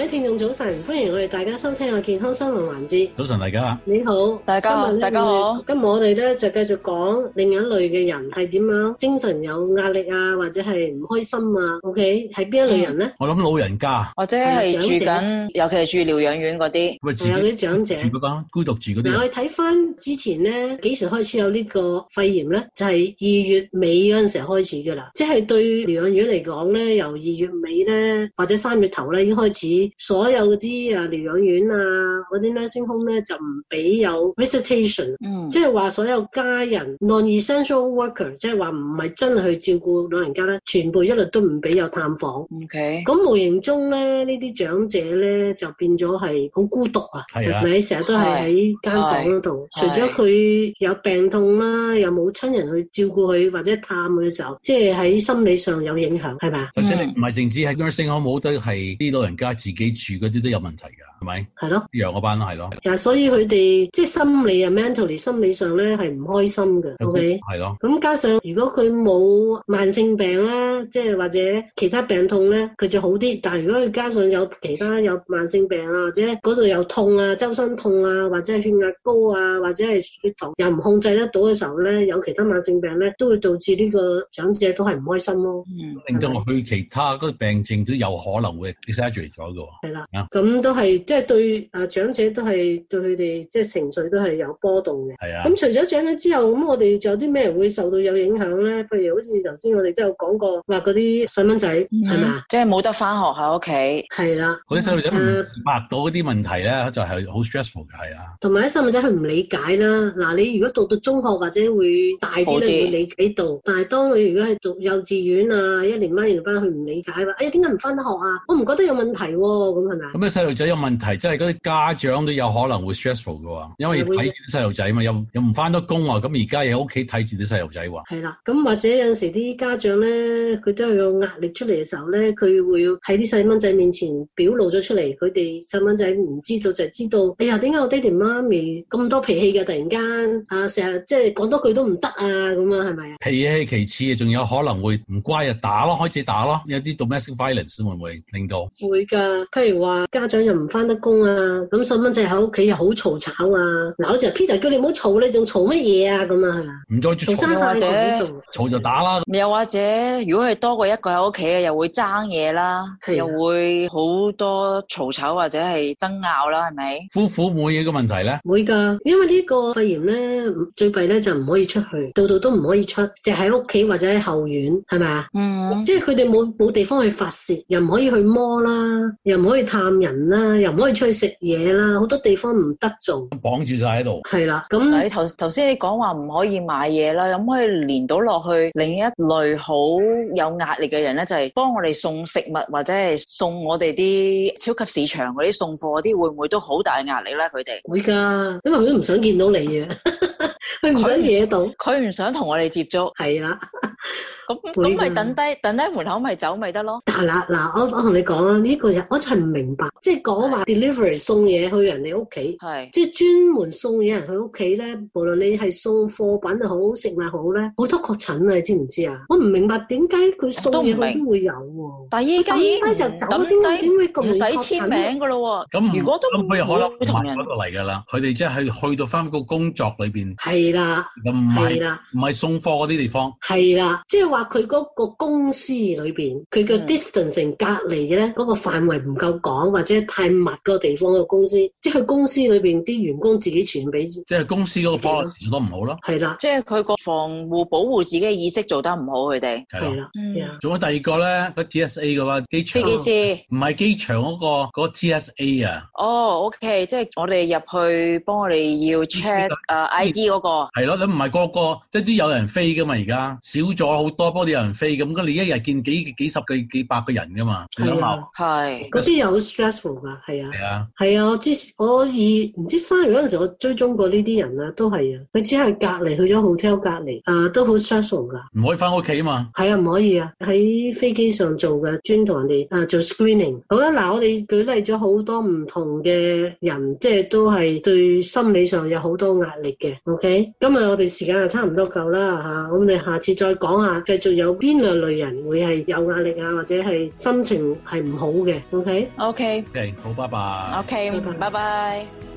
各位聽眾早晨，歡迎我哋大家收聽我健康生活環節。早晨，大家你好，大家好，大家好。今日我哋咧就繼續講另一類嘅人係點樣，精神有壓力啊，或者係唔開心啊。OK，係邊一類人咧、嗯？我諗老人家，或者係住緊，尤其係住，住療養院嗰啲，係有啲長者，住嗰孤獨住啲。我哋睇翻之前咧，幾時開始有呢個肺炎咧？就係、是、二月尾嗰陣時候開始噶啦，即、就、係、是、對療養院嚟講咧，由二月尾咧或者三月頭咧已經開始。所有啲啊療養院啊嗰啲 nursing home 咧就唔俾有 visitation，、嗯、即係話所有家人 non-essential worker，即係話唔係真係去照顧老人家咧，全部一律都唔俾有探訪，OK。咁無形中咧呢啲長者咧就變咗係好孤獨啊，係咪？成日都係喺間房嗰度，是除咗佢有病痛啦，又冇親人去照顧佢或者探嘅時候，即係喺心理上有影響係咪啊？或者你唔係淨止喺 nursing home，冇得係啲老人家自己。自己住嗰啲都有問題噶，係咪？係咯的，養嗰班係咯。嗱，所以佢哋即係心理啊、mentally，心理上咧係唔開心嘅。OK，係咯。咁 OK? 的加上如果佢冇慢性病啦，即係或者其他病痛咧，佢就好啲。但係如果佢加上有其他有慢性病啊，或者嗰度又痛啊、周身痛啊，或者係血壓高啊，或者係血糖又唔控制得到嘅時候咧，有其他慢性病咧，都會導致呢個長者都係唔開心咯。令到佢其他嗰、那個病症都有可能會 exaggerate 咗嘅。係啦，咁都係，即係對誒長者都係對佢哋即係情緒都係有波動嘅。係啊的，咁除咗長者之後，咁我哋仲有啲咩會受到有影響咧？譬如好似頭先我哋都有講過，話嗰啲細蚊仔係嘛，即係冇得翻學喺屋企，係啦了，嗰啲細路仔，誒、呃，不到嗰啲問題咧就係好 stressful 嘅，係啊，同埋啲細蚊仔佢唔理解啦。嗱，你如果讀到中學或者會大啲咧知會理解到，但係當你如果係讀幼稚園啊，一年班、二年班，佢唔理解話，哎呀，點解唔翻得學啊？我唔覺得有問題喎。咁係咪？咁咧，細路仔有問題，即係嗰啲家長都有可能會 stressful 嘅喎，因為睇住啲細路仔嘛，又又唔翻得工啊，咁而家喺屋企睇住啲細路仔喎。係啦，咁或者有陣時啲家長咧，佢都有壓力出嚟嘅時候咧，佢會喺啲細蚊仔面前表露咗出嚟，佢哋細蚊仔唔知道就係知道，哎呀，點解我爹哋媽咪咁多脾氣嘅？突然間啊，成日即係講多句都唔得啊，咁啊，係咪啊？脾氣其次，仲有可能會唔乖啊，打咯，開始打咯，有啲 domestic violence 會唔會令到？會㗎。譬如話家長又唔翻得工啊，咁細蚊仔喺屋企又好嘈吵，吵啊！嗱，我成日 Peter 叫你唔好嘈，你仲嘈乜嘢啊？咁啊，唔再嘈。又吵或者嘈就打啦。又或者如果係多過一個喺屋企啊，又會爭嘢啦，的又會好多嘈吵，吵或者係爭拗啦，係咪？夫婦冇嘢嘅問題咧？冇噶，因為呢個肺炎咧，最弊咧就唔可以出去，到度都唔可以出，就喺屋企或者喺後院，係咪啊？嗯。即係佢哋冇冇地方去發洩，又唔可以去摸啦，又。又唔可以探人啦，又唔可以出去食嘢啦，好多地方唔得做，綁住晒喺度。係啦，咁你頭頭先你講話唔可以買嘢啦，咁可以連到落去另一類好有壓力嘅人咧，就係幫我哋送食物或者係送我哋啲超級市場嗰啲送貨嗰啲，會唔會都好大壓力咧？佢哋會噶，因為佢都唔想見到你啊。 佢唔想惹到，佢唔想同我哋接觸。係啦，咁咁咪等低等低，門口咪走咪得咯。嗱嗱嗱，我我同你講啊，呢個人我真係唔明白，即係講話 delivery 送嘢去人哋屋企，係即係專門送嘢人去屋企咧。無論你係送貨品又好，食物好咧，好多確診啊！你知唔知啊？我唔明白點解佢送嘢去都會有喎。但係而家點解就走？點解點會咁唔使簽名㗎咯？咁如果都咁佢可能同人嗰度嚟㗎啦。佢哋即係去到翻個工作裏面。係啦，唔係啦，唔係的送貨嗰啲地方。係啦，即係話佢嗰個公司裏邊，佢嘅 distancing 隔離咧，嗰個範圍唔夠廣，或者太密個地方個公司，即係公司裏邊啲員工自己傳俾，即係公司嗰個 block 傳得唔好咯。係啦，即係佢個防護保護自己嘅意識做得唔好，佢哋係啦，嗯。仲有第二個咧，嗰 TSA 嘅話，飛機師唔係機場嗰，那個嗰 TSA 啊？那個，TS 哦，OK，即係我哋入去幫我哋要 check，嗯 uh, 誒 ID 嗰，那個。係咯，你唔係個個即係都有人飛噶嘛？而家少咗好多，不過都有人飛咁。咁你一日見幾幾十個、幾百個人噶嘛？係嗰啲又 stressful 噶，係啊，係啊。我之我以唔知生完嗰陣時，我追蹤過呢啲人啊，都係啊。佢只係隔離去咗 hotel 隔離，啊，都好 stressful 噶。唔可以翻屋企啊嘛？係啊，唔可以啊。喺飛機上做嘅，專同人哋誒、啊、做 screening。好啦、啊，嗱，我哋舉例咗好多唔同嘅人，即係都係對心理上有好多壓力嘅。OK。今日我哋時間就差唔多夠啦吓咁我哋下次再講下，繼續有邊兩類人會係有壓力啊，或者係心情係唔好嘅。O K，O K，O K，好，拜拜，okay。O K，拜拜。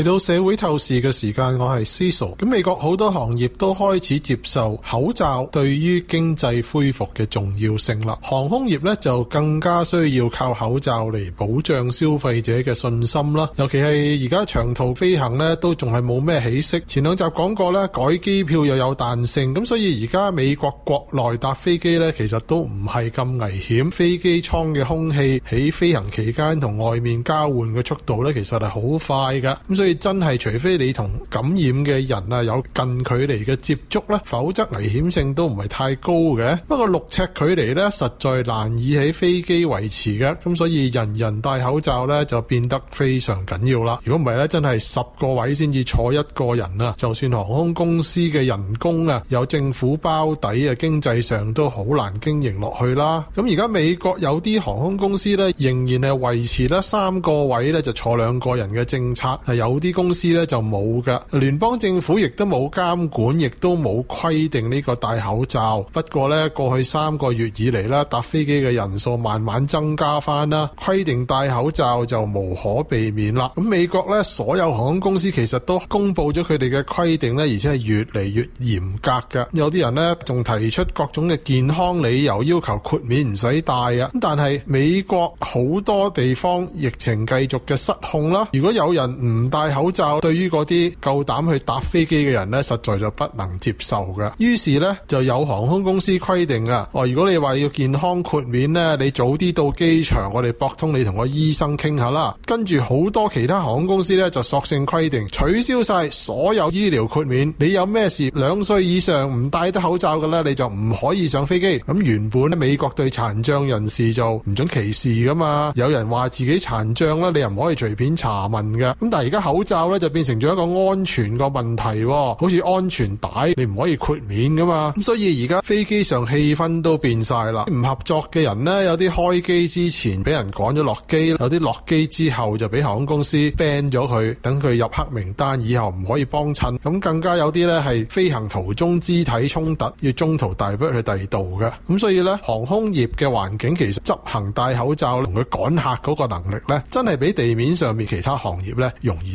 嚟到社會透視嘅時間，我係思。咁美國好多行業都開始接受口罩對於經濟恢復嘅重要性啦。航空業咧就更加需要靠口罩嚟保障消費者嘅信心啦。尤其係而家長途飛行咧都仲係冇咩起色。前兩集講過咧，改機票又有彈性，咁所以而家美國國內搭飛機咧其實都唔係咁危險。飛機艙嘅空氣喺飛行期間同外面交換嘅速度咧其實係好快㗎。咁所以真係，除非你同感染嘅人啊有近距離嘅接觸咧，否則危險性都唔係太高嘅。不過六尺距離咧，實在難以喺飛機維持嘅，咁所以人人戴口罩咧就變得非常緊要啦。如果唔係咧，真係十個位先至坐一個人啊！就算航空公司嘅人工啊有政府包底啊，經濟上都好難經營落去啦。咁而家美國有啲航空公司咧，仍然係維持咧三個位咧就坐兩個人嘅政策係有。啲公司咧就冇噶，聯邦政府亦都冇監管，亦都冇規定呢個戴口罩。不過咧，過去三個月以嚟啦，搭飛機嘅人數慢慢增加翻啦，規定戴口罩就無可避免啦。咁美國咧，所有航空公司其實都公布咗佢哋嘅規定咧，而且係越嚟越嚴格嘅。有啲人咧仲提出各種嘅健康理由，要求豁免唔使戴啊。但係美國好多地方疫情繼續嘅失控啦，如果有人唔戴，戴口罩對於嗰啲夠膽去搭飛機嘅人呢，實在就不能接受㗎。於是呢，就有航空公司規定啊，哦，如果你話要健康豁免呢，你早啲到機場，我哋博通你同個醫生傾下啦。跟住，好多其他航空公司呢，就索性規定取消晒所有醫療豁免。你有咩事，兩歲以上唔戴得口罩嘅呢，你就唔可以上飛機。咁原本呢，美國對殘障人士就唔准歧視噶嘛，有人話自己殘障呢，你又唔可以隨便查問噶。咁但係而家口罩咧就變成咗一個安全個問題，好似安全帶你唔可以豁免噶嘛，咁所以而家飛機上氣氛都變晒啦。唔合作嘅人呢，有啲開機之前俾人趕咗落機，有啲落機之後就俾航空公司 ban 咗佢，等佢入黑名單，以後唔可以幫襯。咁更加有啲呢係飛行途中肢體衝突，要中途 divert 去第度嘅。咁所以呢，航空業嘅環境其實執行戴口罩同佢趕客嗰個能力呢，真係比地面上面其他行業呢容易。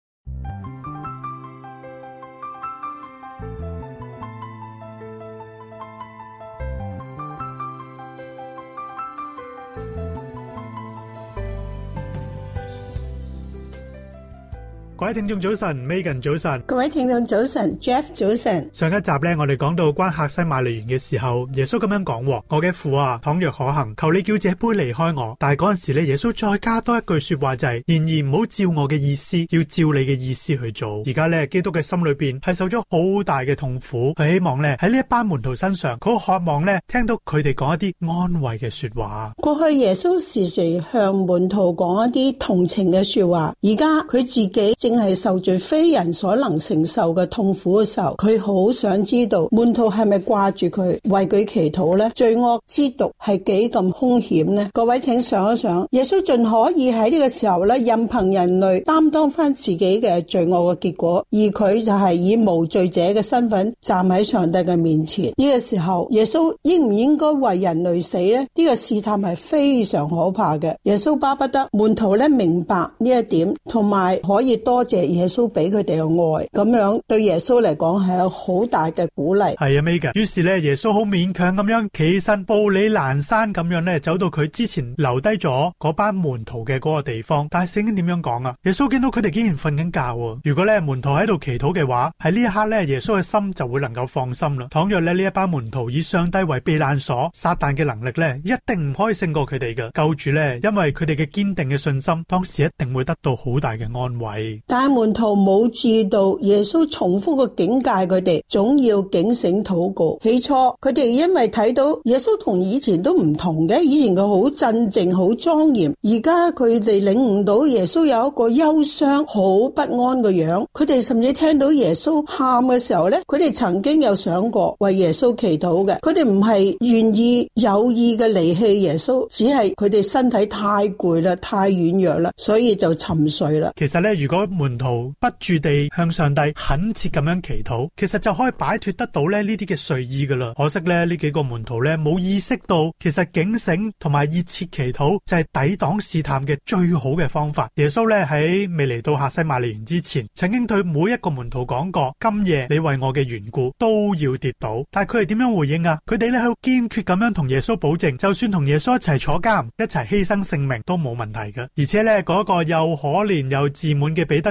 各位聽眾早晨，Megan 早晨，早晨各位聽眾早晨，Jeff 早晨。上一集咧，我哋講到關客西馬尼園嘅時候，耶穌咁樣講：我嘅父啊，倘若可行，求你叫這杯離開我。但係嗰陣時咧，耶穌再加多一句說話就係、是：然而唔好照我嘅意思，要照你嘅意思去做。而家咧，基督嘅心裏邊係受咗好大嘅痛苦，佢希望咧喺呢一班門徒身上，佢好渴望咧聽到佢哋講一啲安慰嘅說，說話。過去耶穌時時向門徒講一啲同情嘅說話，而家佢自己係受罪非人所能承受嘅痛苦嘅時候，佢好想知道門徒係咪掛住佢，為佢祈禱呢？罪惡之毒係幾咁兇險呢？各位請想一想，耶穌盡可以喺呢個時候咧任憑人類擔當翻自己嘅罪惡嘅結果，而佢就係以無罪者嘅身份站喺上帝嘅面前。呢個時候，耶穌應唔應該為人類死呢？呢個試探係非常可怕嘅。耶穌巴不得門徒咧明白呢一點，同埋可以多。多謝耶穌俾佢哋嘅愛，咁樣對耶穌嚟講係有好大嘅鼓勵。係啊，Maggie 於是咧，耶穌好勉強咁樣企身，步履闌珊咁樣咧，走到佢之前留低咗嗰班門徒嘅嗰個地方。但係聖經點樣講啊？耶穌見到佢哋竟然瞓緊覺啊！如果咧門徒喺度祈禱嘅話，喺呢一刻咧，耶穌嘅心就會能夠放心啦。倘若呢，呢一班門徒以上帝為避難所，撒旦嘅能力咧一定唔可以勝過佢哋嘅。救主咧，因為佢哋嘅堅定嘅信心，當時一定會得到好大嘅安慰。大門徒冇注意到耶穌重複個警戒佢哋，總要警醒禱告。起初佢哋因為睇到耶穌同以前都唔同嘅，以前佢好鎮靜、好莊嚴，而家佢哋領悟到耶穌有一個憂傷、好不安嘅樣。佢哋甚至聽到耶穌喊嘅時候呢，佢哋曾經有想過為耶穌祈禱嘅。佢哋唔係願意有意嘅離棄耶穌，只係佢哋身體太攰啦、太軟弱啦，所以就沉睡啦。其實咧，如果門徒不住地向上帝懇切咁樣祈禱，其實就可以擺脫得到咧呢啲嘅睡意噶啦。可惜咧呢幾個門徒咧冇意識到，其實警醒同埋熱切祈禱就係抵擋試探嘅最好嘅方法。耶穌咧喺未嚟到客西馬尼園之前，曾經對每一個門徒講過：今夜你為我嘅緣故都要跌倒。但係佢哋點樣回應啊？佢哋咧好堅決咁樣同耶穌保證，就算同耶穌一齊坐監，一齊犧牲性命都冇問題嘅。而且咧嗰個又可憐又自滿嘅彼得。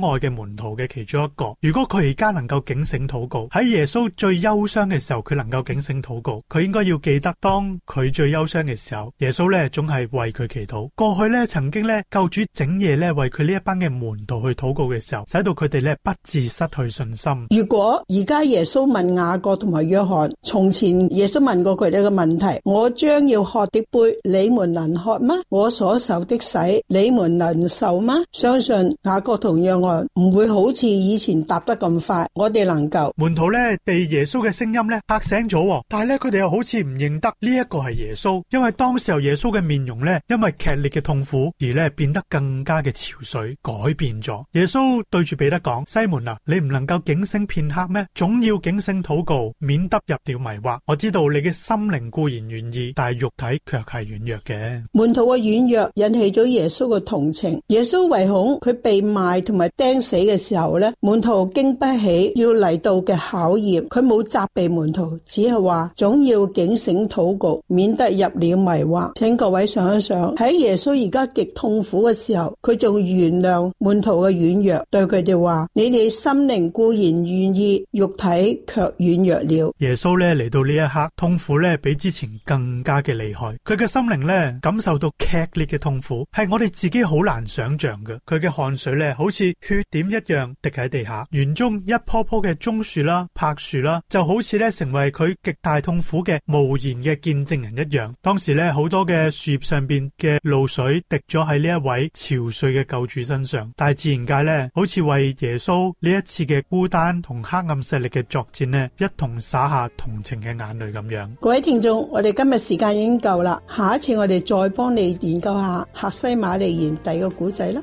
愛嘅門徒嘅其中一個，如果佢而家能夠警醒禱告，喺耶穌最憂傷嘅時候，佢能夠警醒禱告，佢應該要記得，當佢最憂傷嘅時候，耶穌咧總係為佢祈禱。過去咧，曾經咧，救主整夜咧為佢呢一班嘅門徒去禱告嘅時候，使到佢哋咧不至失去信心。如果而家耶穌問雅各同埋約翰，從前耶穌問過佢哋嘅問題：我將要喝的杯，你們能喝嗎？我所受的洗，你們能受嗎？相信雅各同約唔會好似以前答得咁快，我哋能夠門徒咧被耶穌嘅聲音咧嚇醒咗，但係咧佢哋又好似唔認得呢一個係耶穌，因為當時候耶穌嘅面容咧因為劇烈嘅痛苦而咧變得更加嘅憔悴，改變咗。耶穌對住彼得講：西門啊，你唔能夠警醒片刻咩？總要警醒禱告，免得入了迷惑。我知道你嘅心靈固然願意，但係肉體卻係軟弱嘅。門徒嘅軟弱引起咗耶穌嘅同情。耶穌唯恐佢被賣，同埋釘死嘅時候咧，門徒經不起要嚟到嘅考驗，佢冇責備門徒，只係話總要警醒禱告，免得入了迷惑。請各位想一想，喺耶穌而家極痛苦嘅時候，佢仲原諒門徒嘅軟弱，對佢哋話：你哋心靈固然願意，肉體卻軟弱了。耶穌咧嚟到呢一刻，痛苦咧比之前更加嘅厲害，佢嘅心靈咧感受到劇烈嘅痛苦，係我哋自己好難想象嘅。佢嘅汗水咧，好似～血點一樣滴喺地下，園中一棵棵嘅棕樹啦、柏樹啦，就好似咧成為佢極大痛苦嘅無言嘅見證人一樣。當時咧好多嘅樹葉上邊嘅露水滴咗喺呢一位憔悴嘅舊主身上，大自然界咧好似為耶穌呢一次嘅孤單同黑暗勢力嘅作戰咧，一同灑下同情嘅眼淚咁樣。各位聽眾，我哋今日時間已經夠啦，下一次我哋再幫你研究一下一《客西馬尼園》第二個古仔啦。